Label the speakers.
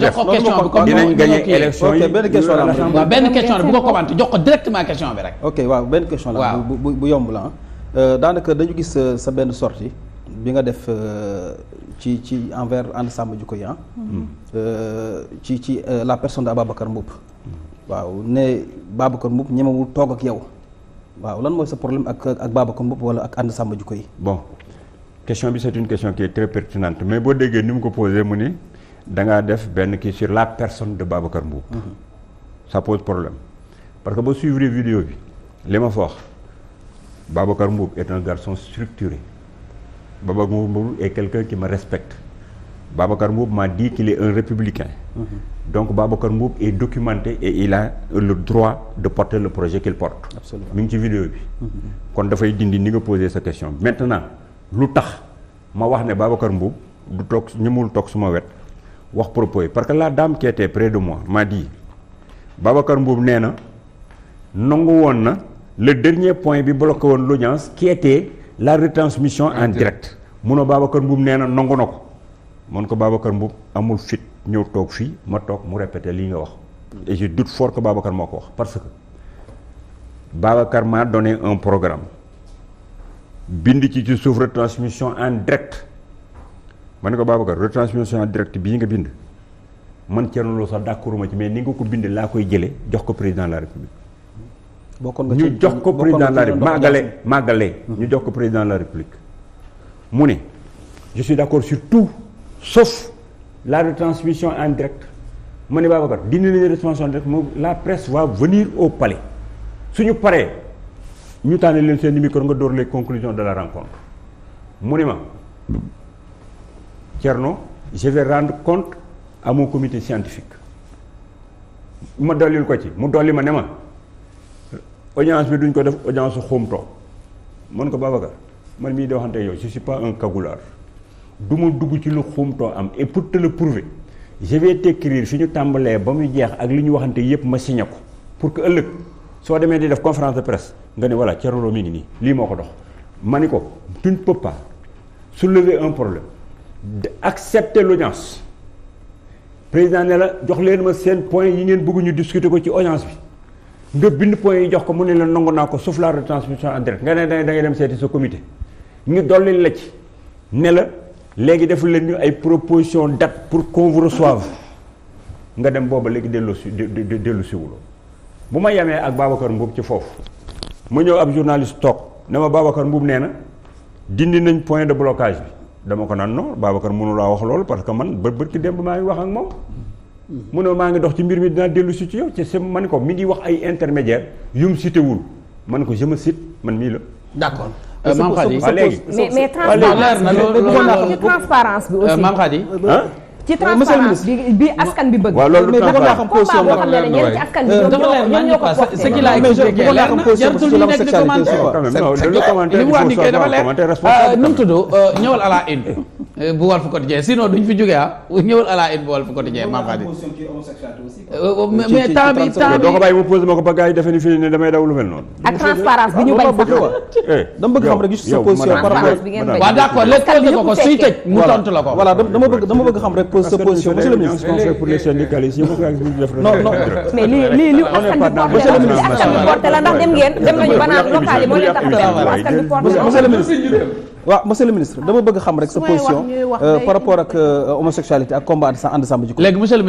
Speaker 1: jox ko question bi comme dinañ gagné élection yi benn question la waaw question ko
Speaker 2: commenté jox bi rek. ok waaw benn question la. bu bu ah. euh, daanaka dañu gis euh, sa benn sortie bi nga def euh, ci ci envers ànd sàmm jikko yi ah. mhm. ci la personne de Ababacar Mboup. waaw ne Babacar Mboup ñemewul toog ak yow waaw lan mooy sa problème ak ak Babacar Mboup wala ak ànd sàmm jikko yi. bon question bi c'est une mais boo déggee ni mu ko posé mu ni. da ngaa def benn kii sur la personne de Babacar Mboup mhm. ça pose problème parce que ba suivre vidéo bi li ma fa wax Babacar Mboup est un garçon structuré Babacar Mboup est quelqu'un qui me respecte Babacar Mboup m'a dit qu'il un républicain mhm. donc Babacar Mboup est documenté et il a le droit de porter le projet qu'il porte mi ngi ci vidéo bi mhm. kon dafay dindi ni nga poser sa question maintenant lu tax ma wax ne Babacar Mboup du toog ñëmul toog suma wet wax propos parce que la dame qui près de moi m'a dit Babacar Mbuub nee na nangu woon na le dernier point bi bloqué woon l'audience qui était la retransmission en direct munoo Babacar Mbuub nee na nangu na ko mun ko Babacar Mbuub amul fit ñëw toog fii ma toog mu répété lii nga wax et je doute fort que Babacar moo ko wax parce que Babacar m'a donné un programme bind ci ci suuf retransmission en direct ma ne ko Babacar retransmission en direct bii nga bind man Thierno Lo sax d'accord ma ci mais ni nga ko bind laa koy jëlee jox ko président de la république. bokkoon ñu jox ko président de la république màggale màggale. ñu jox ko président de la république. mu ne je suis d'accord sur tout sauf la retransmission en direct ma ne Babacar dindi nañu retransmission en direct moom la presse va venir au su ñu paree ñu tànn leen seen micro nga door les conclusions de la rencontre mu ne ma. Thierno je vais rendre compte à mon scientifique ma dollil ko ci mu dolli ma ne ma audience bi duñ ko def audience xumtoo mën ko Babacar man mii di waxante yow je suis pas un cagoulard du ma dugg ci lu xumtoo am et pour te le prouver je ñu tàmbalee ba mu jeex ak li ñu waxante yépp ma signé ko pour que ëllëg soo demee di def conférence de presse nga ne voilà Thierno Lo mi ngi nii lii moo ko dox ma ni ko tu ne peux pas soulever un problème accepter l'audience président ne la jox leen ma seen point yi ngeen bëgg ñu discuter ko ci audience bi nga bind point yi jox ko mu ne la nangu naa ko sauf la retransmission en direct nga ne da ngay dem seeti sa comité ñu dolli la ci ne la léegi defal leen ñu ay proposition date pour qu'on vous nga dem booba léegi dellu si dellu siwuloo bu ma yemee ak Babacar Mbuub ci foofu ma ñëw ab journalist toog ne ma Babacar Mbuub nee na dindi nañ point de blocage dama ko naan non Babacar mënulaa wax loolu parce que man bë bërki démb maa ngi wax ak moom mu maa ngi dox ci mbir mi dinaa dellu si ci yow ci sama man ko mi ngi wax ay intermédiaire yum cité wul man ko je me man mii la d'accord maam Khady mais mais transparence bi aussi ci euh, transparence bi askan bi bëgg. waaw loolu transparence mais xam ne dañu ci askan bi ñoom ñoo ko porté. mais je dafa leer Euh, bu Walf Quotidien sinon duñ fi jógee ah ñëwal à la une bu Walf Quotidien maam Khady euh, mais temps bi temps doo ko bàyyi mu posé ma ko ba gars defe ni fii ne eh, dama bëgg xam rek sa position monsieur le ministre pour monsieur le ministre dama bëgg xam rek sa position ñuy wax euh, par rapport ak euh, homosexualité ak combat ànd sa ànd sàmm jikko léegi